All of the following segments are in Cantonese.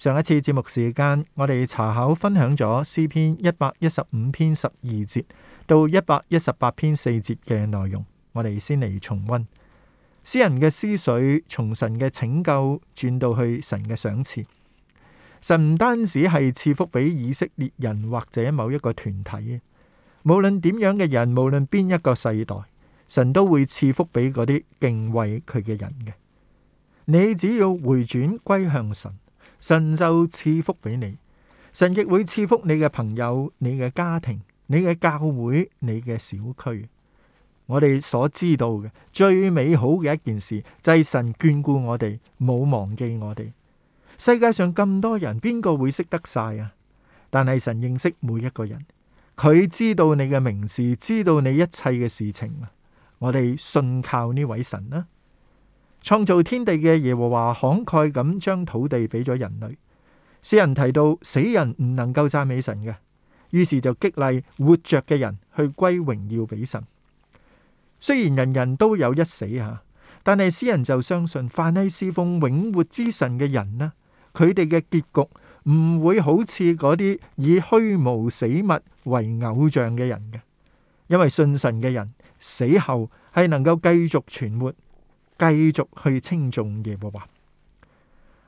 上一次節目時間，我哋查考分享咗詩篇一百一十五篇十二節到一百一十八篇四節嘅內容。我哋先嚟重溫詩人嘅思緒，從神嘅拯救轉到去神嘅賞賜。神唔單止係賜福俾以色列人或者某一個團體，無論點樣嘅人，無論邊一個世代，神都會賜福俾嗰啲敬畏佢嘅人嘅。你只要回轉歸向神。神就賜福俾你，神亦會賜福你嘅朋友、你嘅家庭、你嘅教會、你嘅小區。我哋所知道嘅最美好嘅一件事，就係、是、神眷顧我哋，冇忘記我哋。世界上咁多人，邊個會，會識得晒啊？但係神認識每一個人，佢知道你嘅名字，知道你一切嘅事情。我哋信靠呢位神啦。創造天地嘅耶和華慷慨咁將土地俾咗人類。詩人提到死人唔能夠讚美神嘅，於是就激勵活着嘅人去歸榮耀俾神。雖然人人都有一死啊，但係詩人就相信，凡係侍奉永活之神嘅人呢，佢哋嘅結局唔會好似嗰啲以虛無死物為偶像嘅人嘅，因為信神嘅人死後係能夠繼續存活。繼續去稱頌耶和華。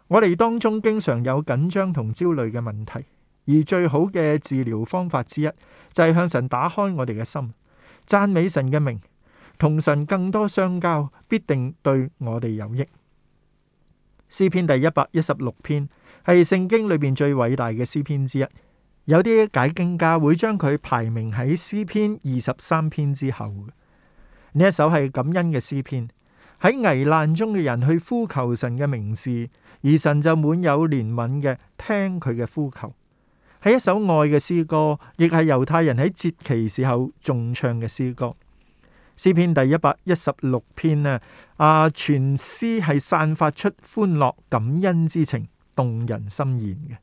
我哋當中經常有緊張同焦慮嘅問題，而最好嘅治療方法之一就係、是、向神打開我哋嘅心，讚美神嘅名，同神更多相交，必定對我哋有益。詩篇第一百一十六篇係聖經裏邊最偉大嘅詩篇之一，有啲解經家會將佢排名喺詩篇二十三篇之後。呢一首係感恩嘅詩篇。喺危難中嘅人去呼求神嘅名字，而神就滿有憐憫嘅聽佢嘅呼求。係一首愛嘅詩歌，亦係猶太人喺節期時候重唱嘅詩歌。詩篇第一百一十六篇呢？啊，全詩係散發出歡樂感恩之情，動人心弦嘅。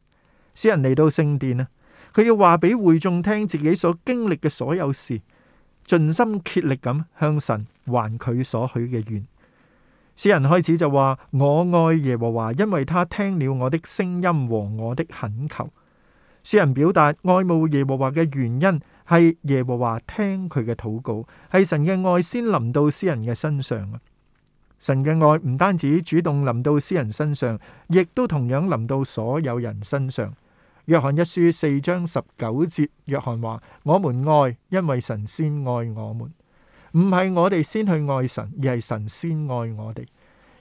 詩人嚟到聖殿呢，佢要話俾會眾聽自己所經歷嘅所有事，盡心竭力咁向神還佢所許嘅願。詩人開始就話：我愛耶和華，因為他聽了我的聲音和我的懇求。詩人表達愛慕耶和華嘅原因係耶和華聽佢嘅禱告，係神嘅愛先臨到詩人嘅身上啊！神嘅愛唔單止主動臨到詩人身上，亦都同樣臨到所有人身上。約翰一書四章十九節，約翰話：我們愛，因為神先愛我們。唔係我哋先去愛神，而係神先愛我哋。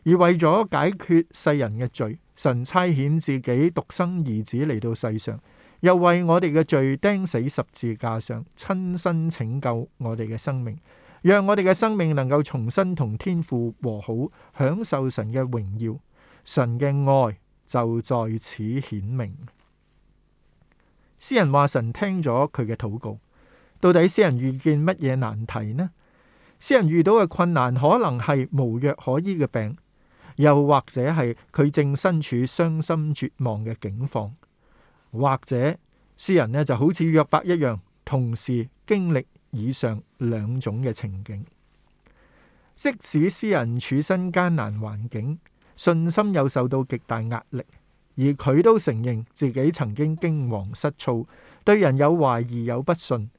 而為咗解決世人嘅罪，神差遣自己獨生兒子嚟到世上，又為我哋嘅罪釘死十字架上，親身拯救我哋嘅生命，讓我哋嘅生命能夠重新同天父和好，享受神嘅榮耀。神嘅愛就在此顯明。詩人話：神聽咗佢嘅禱告，到底詩人遇見乜嘢難題呢？詩人遇到嘅困難可能係無藥可醫嘅病，又或者係佢正身處傷心絕望嘅境況，或者詩人呢就好似約伯一樣，同時經歷以上兩種嘅情景。即使詩人處身艱難環境，信心又受到極大壓力，而佢都承認自己曾經驚惶失措，對人有懷疑有不信。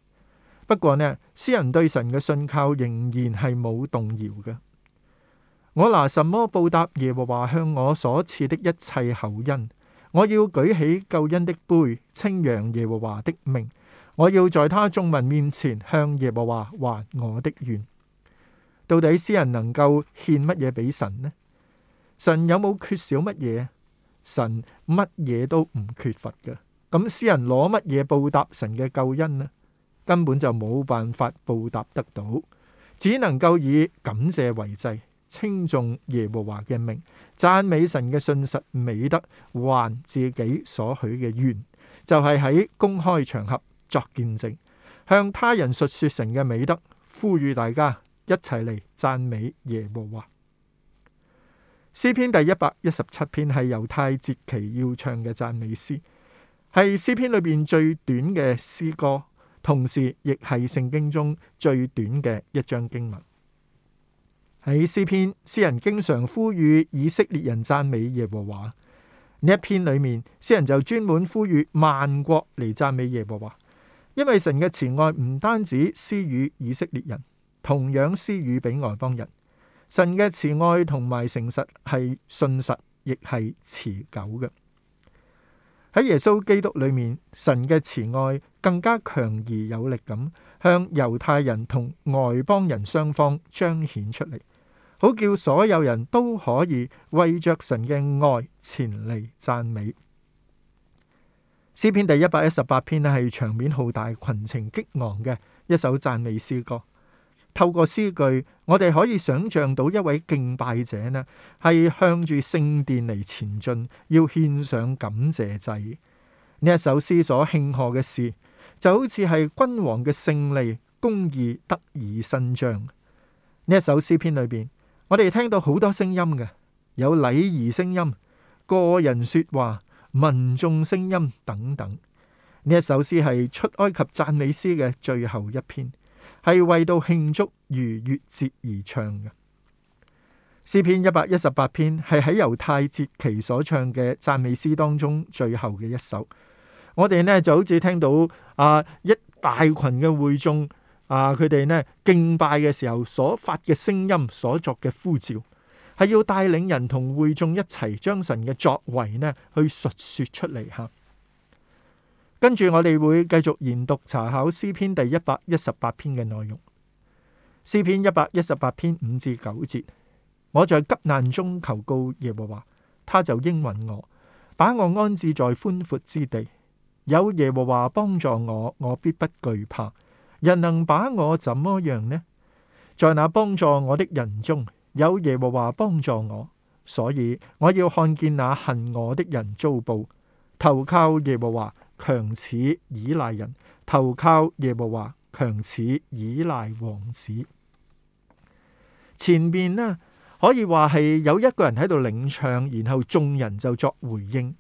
不過呢，詩人對神嘅信靠仍然係冇動搖嘅。我拿什麼報答耶和華向我所賜的一切厚恩？我要舉起救恩的杯，稱揚耶和華的名。我要在他眾民面前向耶和華還我的願。到底詩人能夠獻乜嘢俾神呢？神有冇缺少乜嘢？神乜嘢都唔缺乏嘅。咁詩人攞乜嘢報答神嘅救恩呢？根本就冇辦法報答得到，只能夠以感謝為祭，稱頌耶和華嘅名，讚美神嘅信實美德，還自己所許嘅願，就係、是、喺公開場合作見證，向他人述說神嘅美德，呼籲大家一齊嚟讚美耶和華。詩篇第一百一十七篇係猶太節期要唱嘅讚美詩，係詩篇裏邊最短嘅詩歌。同時，亦係聖經中最短嘅一章經文。喺詩篇，詩人經常呼籲以色列人讚美耶和華。呢一篇裏面，詩人就專門呼籲萬國嚟讚美耶和華，因為神嘅慈愛唔單止施予以色列人，同樣施予俾外邦人。神嘅慈愛同埋誠實係信實，亦係持久嘅。喺耶穌基督裏面，神嘅慈愛更加強而有力咁，向猶太人同外邦人雙方彰顯出嚟，好叫所有人都可以為着神嘅愛前嚟讚美。詩篇第一百一十八篇咧係場面浩大、群情激昂嘅一首讚美詩歌。透過詩句，我哋可以想象到一位敬拜者呢，係向住聖殿嚟前進，要獻上感謝祭。呢一首詩所慶賀嘅事，就好似係君王嘅勝利、公義得以伸張。呢一首詩篇裏邊，我哋聽到好多聲音嘅，有禮儀聲音、個人說話、民眾聲音等等。呢一首詩係出埃及讚美詩嘅最後一篇。係為到慶祝逾越節而唱嘅詩篇一百一十八篇，係喺猶太節期所唱嘅讚美詩當中最後嘅一首。我哋呢就好似聽到啊一大群嘅會眾啊，佢哋呢敬拜嘅時候所發嘅聲音，所作嘅呼召，係要帶領人同會眾一齊將神嘅作為呢去述說出嚟吓。跟住我哋會繼續研讀查考詩篇第一百一十八篇嘅內容。詩篇一百一十八篇五至九節，我在急難中求告耶和華，他就應允我，把我安置在寬闊之地。有耶和華幫助我，我必不懼怕。人能把我怎麼樣呢？在那幫助我的人中，有耶和華幫助我，所以我要看見那恨我的人遭報，投靠耶和華，強似倚賴人，投靠耶和華；強似倚賴王子。前面呢，可以話係有一個人喺度領唱，然後眾人就作回應。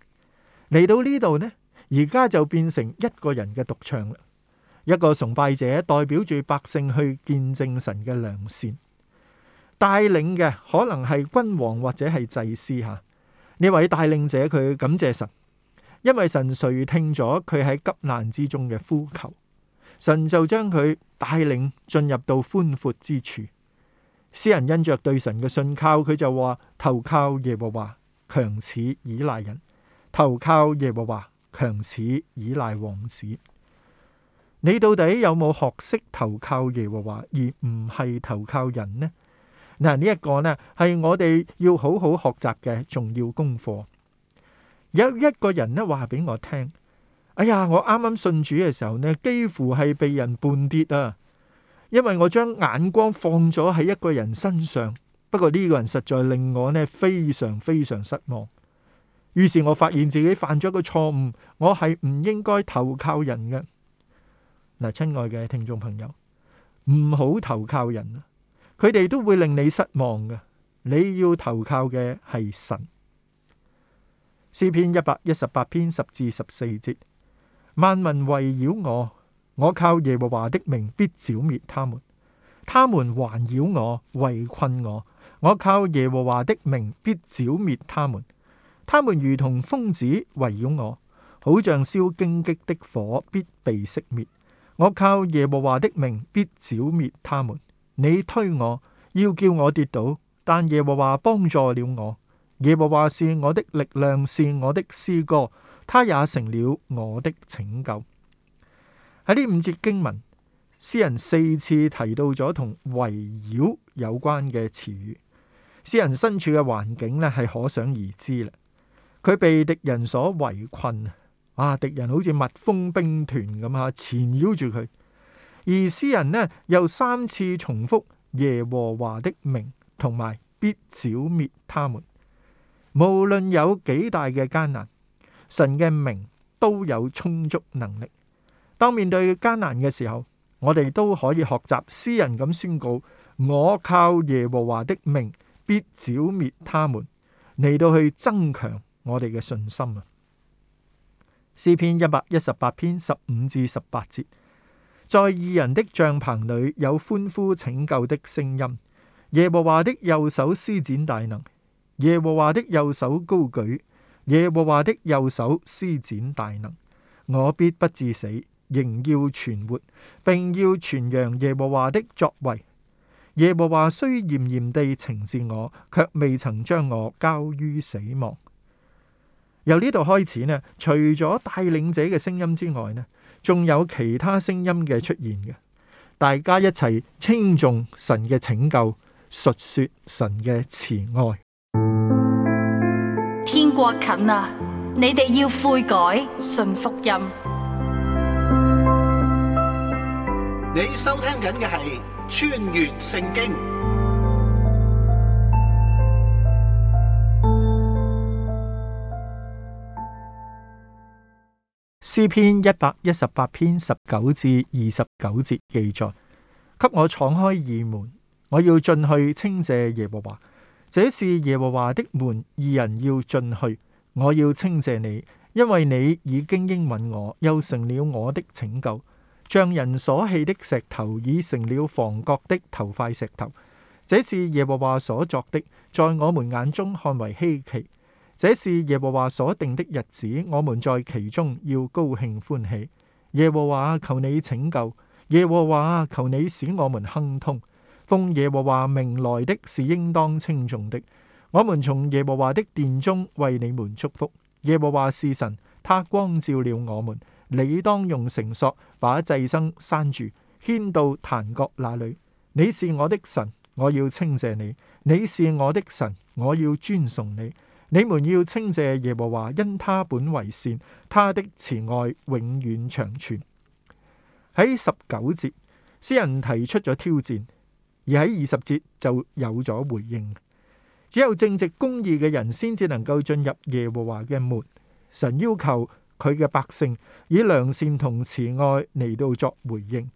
嚟到呢度呢，而家就變成一個人嘅獨唱啦。一個崇拜者代表住百姓去見證神嘅良善，帶領嘅可能係君王或者係祭司吓。呢位帶領者佢感謝神。因為神垂聽咗佢喺急難之中嘅呼求，神就將佢帶領進入到寬闊之處。詩人因着對神嘅信靠，佢就話：投靠耶和華，強似倚賴人；投靠耶和華，強似倚賴王子。你到底有冇學識投靠耶和華而唔係投靠人呢？嗱，呢一個呢係我哋要好好學習嘅重要功課。有一個人咧，話俾我聽，哎呀，我啱啱信主嘅時候咧，幾乎係被人半跌啊，因為我將眼光放咗喺一個人身上。不過呢個人實在令我咧非常非常失望。於是我發現自己犯咗一個錯誤，我係唔應該投靠人嘅。嗱，親愛嘅聽眾朋友，唔好投靠人，佢哋都會令你失望嘅。你要投靠嘅係神。詩篇一百一十八篇十至十四節：萬民圍繞我，我靠耶和華的名必剿滅他們；他們環繞我，圍困我，我靠耶和華的名必剿滅他們；他們如同蜂子圍繞我，好像燒荊棘的火必被熄滅。我靠耶和華的名必剿滅他們。你推我要叫我跌倒，但耶和華幫助了我。耶和華是我的力量，是我的詩歌，他也成了我的拯救。喺呢五節經文，詩人四次提到咗同圍繞有關嘅詞語。詩人身處嘅環境呢，係可想而知啦。佢被敵人所圍困啊！敵人好似蜜蜂兵團咁吓，纏繞住佢。而詩人呢，又三次重複耶和華的名，同埋必剿滅他們。無論有幾大嘅艱難，神嘅名都有充足能力。當面對艱難嘅時候，我哋都可以學習詩人咁宣告：我靠耶和華的名，必剿滅他們。嚟到去增強我哋嘅信心啊！詩篇一百一十八篇十五至十八節：在義人的帳棚裏有歡呼拯救的聲音，耶和華的右手施展大能。耶和華的右手高舉，耶和華的右手施展大能，我必不致死，仍要存活，並要傳揚耶和華的作為。耶和華雖嚴嚴地懲治我，却未曾將我交於死亡。由呢度開始呢，除咗帶領者嘅聲音之外呢，仲有其他聲音嘅出現嘅，大家一齊稱頌神嘅拯救，述說神嘅慈愛。國近啦，你哋要悔改，信福音。你收聽緊嘅係《穿越聖經》詩篇一百一十八篇十九至二十九節記載：「給我敞開義門，我要進去稱謝耶和華。」這是耶和華的門，二人要進去。我要稱謝你，因為你已經應允我，又成了我的拯救。像人所棄的石頭，已成了房角的頭塊石頭。這是耶和華所作的，在我們眼中看為稀奇。這是耶和華所定的日子，我們在其中要高興歡喜。耶和華求你拯救，耶和華求你使我們亨通。奉耶和華名來的是應當稱頌的。我們從耶和華的殿中為你們祝福。耶和華是神，他光照了我們。你當用繩索把祭牲拴住，牽到壇角那裏。你是我的神，我要稱謝你；你是我的神，我要尊崇你。你們要稱謝耶和華，因他本為善，他的慈愛永遠長存。喺十九節，詩人提出咗挑戰。而喺二十節就有咗回應，只有正直公義嘅人先至能夠進入耶和華嘅門。神要求佢嘅百姓以良善同慈愛嚟到作回應。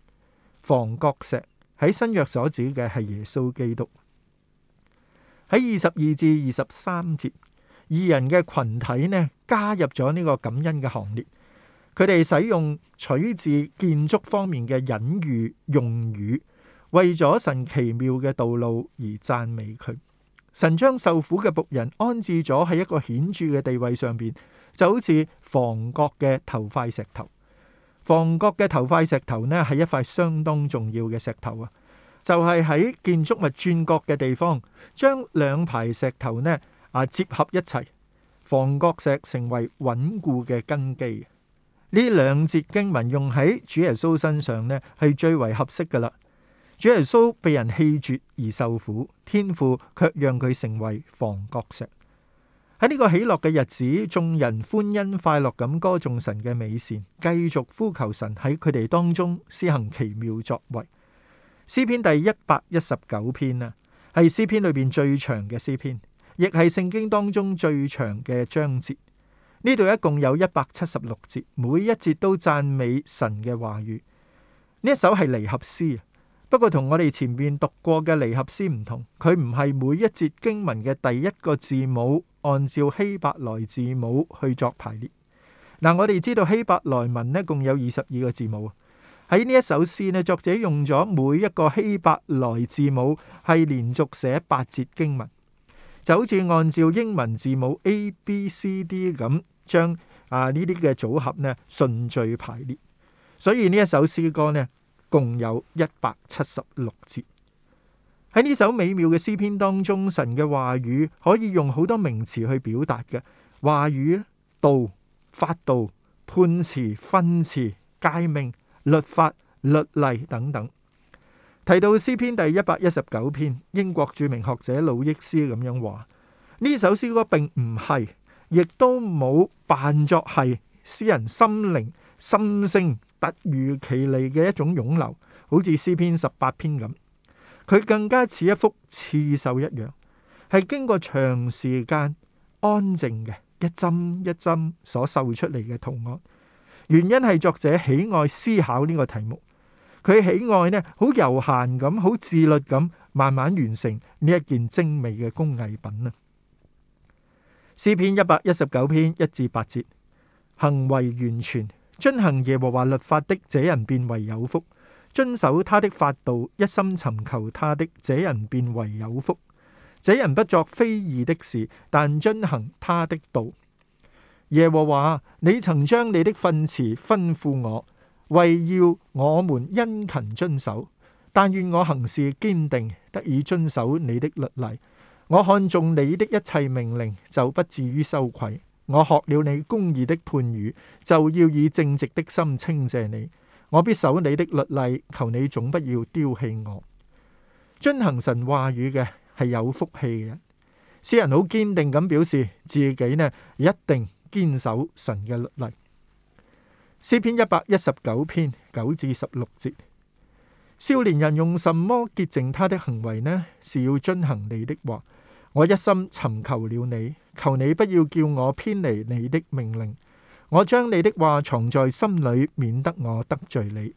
房角石喺新約所指嘅係耶穌基督。喺二十二至二十三節，二人嘅群體呢加入咗呢個感恩嘅行列。佢哋使用取自建築方面嘅隱喻用語。為咗神奇妙嘅道路而讚美佢，神將受苦嘅僕人安置咗喺一個顯著嘅地位上邊，就好似房角嘅頭塊石頭。房角嘅頭塊石頭呢，係一塊相當重要嘅石頭啊。就係喺建築物轉角嘅地方，將兩排石頭呢啊結合一齊，房角石成為穩固嘅根基。呢兩節經文用喺主耶穌身上呢，係最為合適㗎喇。主耶穌被人棄絕而受苦，天父卻讓佢成為房角石。喺呢個喜樂嘅日子，眾人歡欣快樂咁歌頌神嘅美善，繼續呼求神喺佢哋當中施行奇妙作為。詩篇第一百一十九篇啊，係詩篇裏邊最長嘅詩篇，亦係聖經當中最長嘅章節。呢度，一共有一百七十六節，每一節都讚美神嘅話語。呢一首係離合詩不過同我哋前面讀過嘅離合詩唔同，佢唔係每一節經文嘅第一個字母按照希伯來字母去作排列。嗱、嗯，我哋知道希伯來文呢共有二十二個字母喎。喺呢一首詩咧，作者用咗每一個希伯來字母係連續寫八節經文，就好似按照英文字母 A、B、C、D 咁將啊呢啲嘅組合呢順序排列。所以呢一首詩歌呢，共有一百七十六節。喺呢首美妙嘅詩篇當中，神嘅話語可以用好多名詞去表達嘅話語、道、法、道、判詞、分詞、誡命、律法、律例等等。提到詩篇第一百一十九篇，英國著名學者魯益斯咁樣話：呢首詩歌並唔係，亦都冇扮作係詩人心靈、心聲。突如其來嘅一種湧流，好似詩篇十八篇咁，佢更加似一幅刺繡一樣，係經過長時間安靜嘅一針一針所繡出嚟嘅圖案。原因係作者喜愛思考呢個題目，佢喜愛呢好悠閒咁，好自律咁，慢慢完成呢一件精美嘅工藝品啊！詩篇一百一十九篇一至八節，行為完全。遵行耶和華律法的，這人便為有福；遵守他的法度，一心尋求他的，這人便為有福。這人不作非義的事，但遵行他的道。耶和華，你曾將你的訓詞吩咐我，為要我們殷勤遵守。但願我行事堅定，得以遵守你的律例。我看重你的一切命令，就不至於羞愧。我學了你公義的判語，就要以正直的心稱謝你。我必守你的律例，求你總不要丟棄我。遵行神話語嘅係有福氣嘅。詩人。詩人好堅定咁表示自己呢，一定堅守神嘅律例。詩篇一百一十九篇九至十六節：少年人用什麼潔淨他的行為呢？是要遵行你的話。我一心尋求了你，求你不要叫我偏離你的命令。我將你的話藏在心裏，免得我得罪你。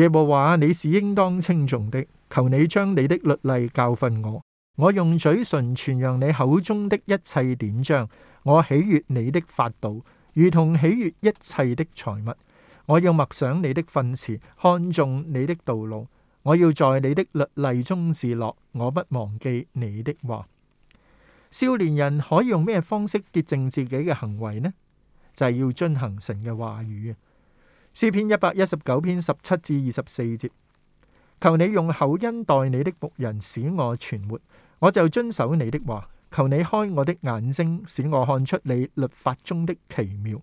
耶和華你是應當稱頌的，求你將你的律例教訓我。我用嘴唇傳揚你口中的一切典章。我喜悅你的法度，如同喜悅一切的財物。我要默想你的訓詞，看重你的道路。我要在你的律例中自樂，我不忘記你的話。少年人可以用咩方式潔淨自己嘅行為呢？就係、是，要遵行神嘅話語啊！詩篇一百一十九篇十七至二十四節，求你用厚恩待你的僕人，使我存活，我就遵守你的話。求你開我的眼睛，使我看出你律法中的奇妙。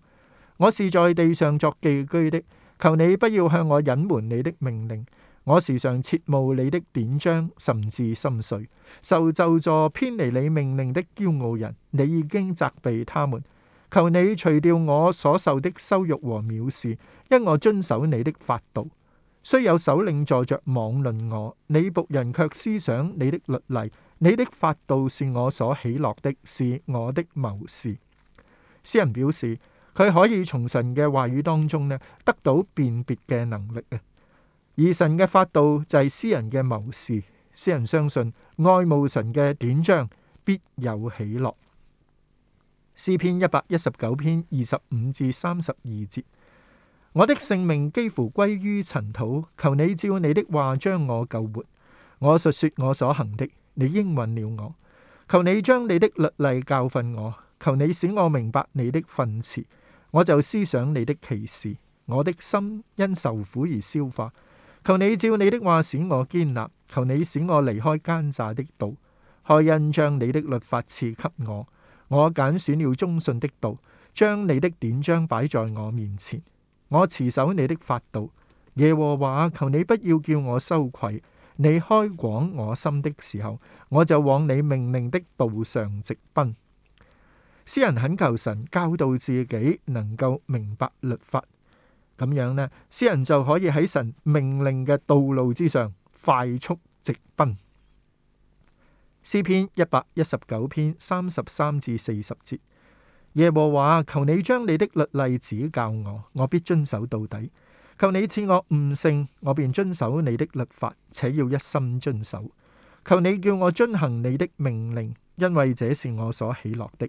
我是在地上作寄居的，求你不要向我隱瞞你的命令。我時常切慕你的典章，甚至心碎。受咒詛偏離你命令的驕傲人，你已經責備他們。求你除掉我所受的羞辱和藐視，因我遵守你的法度。雖有首領坐着妄論我，你僕人卻思想你的律例。你的法度是我所喜樂的，是我的謀士。詩人表示，佢可以從神嘅話語當中呢，得到辨別嘅能力啊！而神嘅法度就係詩人嘅謀士，詩人相信愛慕神嘅短章必有喜樂。詩篇一百一十九篇二十五至三十二節：我的性命幾乎歸於塵土，求你照你的話將我救活。我述說我所行的，你應允了我。求你將你的律例教訓我，求你使我明白你的訓詞。我就思想你的奇事，我的心因受苦而消化。求你照你的話使我堅立，求你使我離開奸詐的道，開恩將你的律法賜給我。我揀選了忠信的道，將你的典章擺在我面前。我持守你的法度。耶和華，求你不要叫我羞愧。你開廣我心的時候，我就往你命令的道上直奔。詩人懇求神教導自己，能夠明白律法。咁樣呢，詩人就可以喺神命令嘅道路之上快速直奔。詩篇一百一十九篇三十三至四十節：耶和華，求你將你的律例指教我，我必遵守到底。求你賜我悟性，我便遵守你的律法，且要一心遵守。求你叫我遵行你的命令，因為這是我所喜樂的。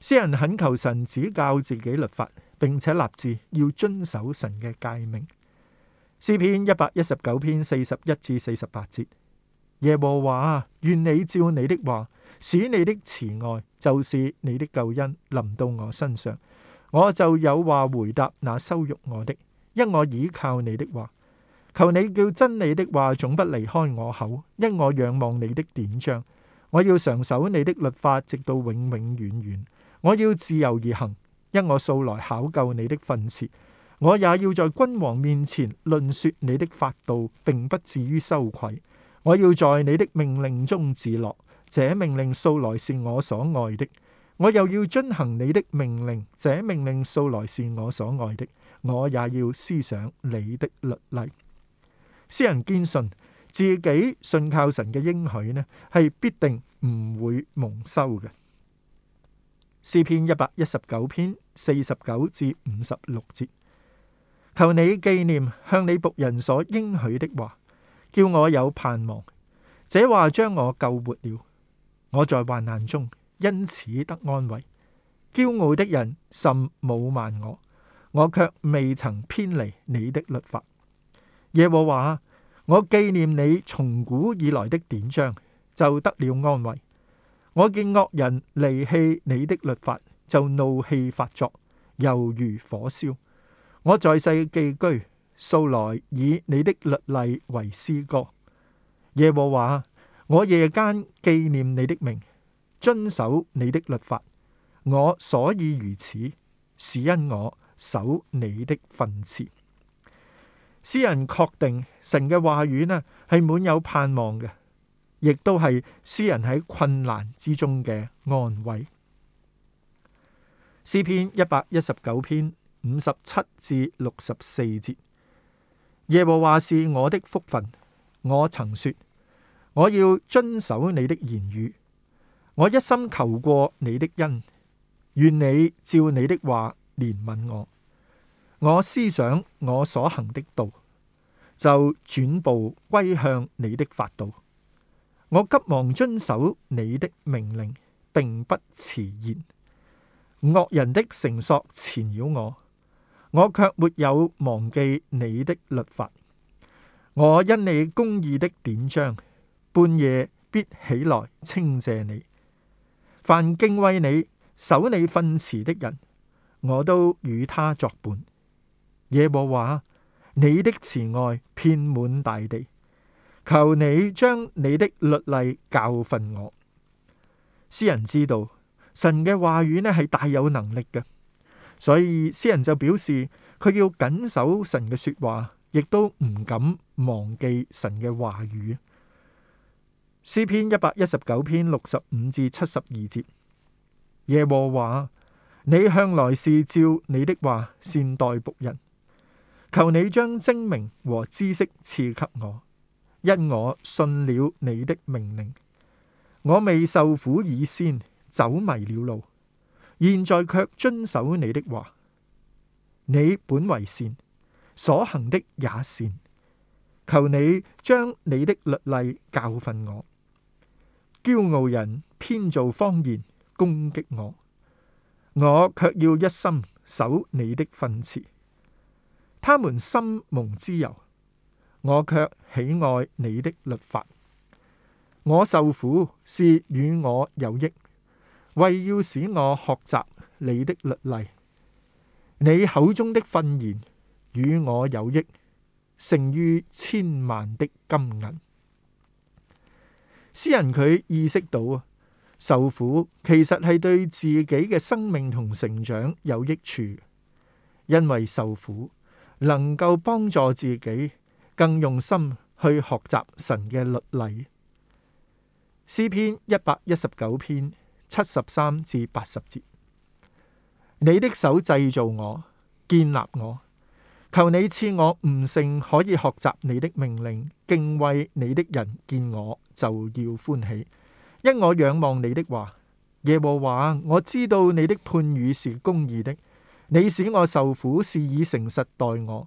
詩人懇求神指教自己律法，並且立志要遵守神嘅誡命。詩篇一百一十九篇四十一至四十八節：耶和華啊，願你照你的話，使你的慈愛就是你的救恩臨到我身上，我就有話回答那羞辱我的，因我倚靠你的話。求你叫真理的話總不離開我口，因我仰望你的典章。我要常守你的律法，直到永永遠遠,遠。我要自由而行，因我素來考究你的訓詞。我也要在君王面前論說你的法度，並不至於羞愧。我要在你的命令中自樂，這命令素來是我所愛的。我又要遵行你的命令，這命令素來是我所愛的。我也要思想你的律例。詩人堅信自己信靠神嘅應許呢，係必定唔會蒙羞嘅。詩篇一百一十九篇四十九至五十六節，求你紀念向你僕人所應許的話，叫我有盼望。這話將我救活了，我在患難中，因此得安慰。驕傲的人甚侮慢我，我卻未曾偏離你的律法。耶和華，我紀念你從古以來的典章，就得了安慰。我見惡人離棄你的律法，就怒氣發作，猶如火燒。我在世寄居，素來以你的律例為詩歌。耶和華，我夜間紀念你的名，遵守你的律法。我所以如此，是因我守你的訓詞。詩人確定神嘅話語呢，係滿有盼望嘅。亦都係詩人喺困難之中嘅安慰。詩篇一百一十九篇五十七至六十四節：耶和華是我的福分，我曾說我要遵守你的言語，我一心求過你的恩，願你照你的話憐憫我。我思想我所行的道，就轉步歸向你的法道法度。」我急忙遵守你的命令，並不遲延。惡人的繩索纏繞我，我卻沒有忘記你的律法。我因你公義的典章，半夜必起來稱謝你。凡敬畏你、守你訓詞的人，我都與他作伴。耶和華，你的慈愛遍滿大地。求你將你的律例教訓我。詩人知道神嘅話語呢係大有能力嘅，所以詩人就表示佢要謹守神嘅說話，亦都唔敢忘記神嘅話語。詩篇一百一十九篇六十五至七十二節：耶和華，你向來是照你的話善待僕人，求你將精明和知識賜給我。因我信了你的命令，我未受苦以先走迷了路，現在卻遵守你的話。你本為善，所行的也善，求你將你的律例教訓我。驕傲人編造謊言攻擊我，我卻要一心守你的訓詞。他們心蒙脂油。我卻喜愛你的律法，我受苦是與我有益，為要使我學習你的律例。你口中的訓言與我有益，勝於千萬的金銀。詩人佢意識到，受苦其實係對自己嘅生命同成長有益處，因為受苦能夠幫助自己。更用心去學習神嘅律例。詩篇一百一十九篇七十三至八十節：你的手製造我，建立我，求你賜我悟性，可以學習你的命令，敬畏你的人見我就要歡喜，因我仰望你的話。耶和華，我知道你的判語是公義的，你使我受苦，是以誠實待我。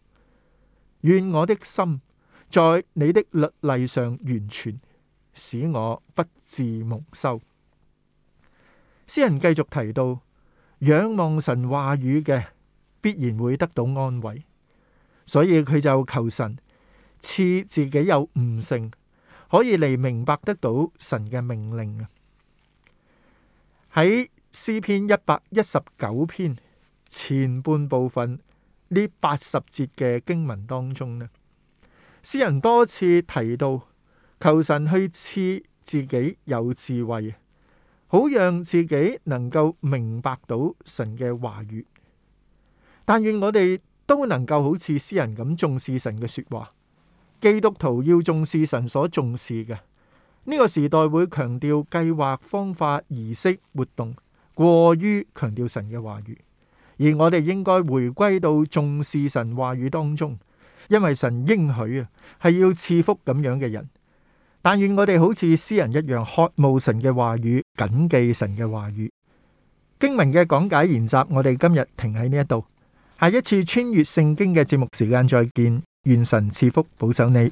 願我的心在你的律例上完全，使我不至蒙羞。詩人繼續提到，仰望神話語嘅必然會得到安慰，所以佢就求神賜自己有悟性，可以嚟明白得到神嘅命令啊！喺詩篇一百一十九篇前半部分，呢八十節嘅經文當中呢，詩人多次提到求神去賜自己有智慧，好讓自己能夠明白到神嘅話語。但願我哋都能夠好似詩人咁重視神嘅說話。基督徒要重視神所重視嘅呢、這個時代會強調計劃、方法、儀式、活動，過於強調神嘅話語。而我哋應該回歸到重視神話語當中，因為神應許啊，係要賜福咁樣嘅人。但願我哋好似詩人一樣渴慕神嘅話語，謹記神嘅話語。經文嘅講解研習，我哋今日停喺呢一度。下一次穿越聖經嘅節目時間再見。願神賜福保守你。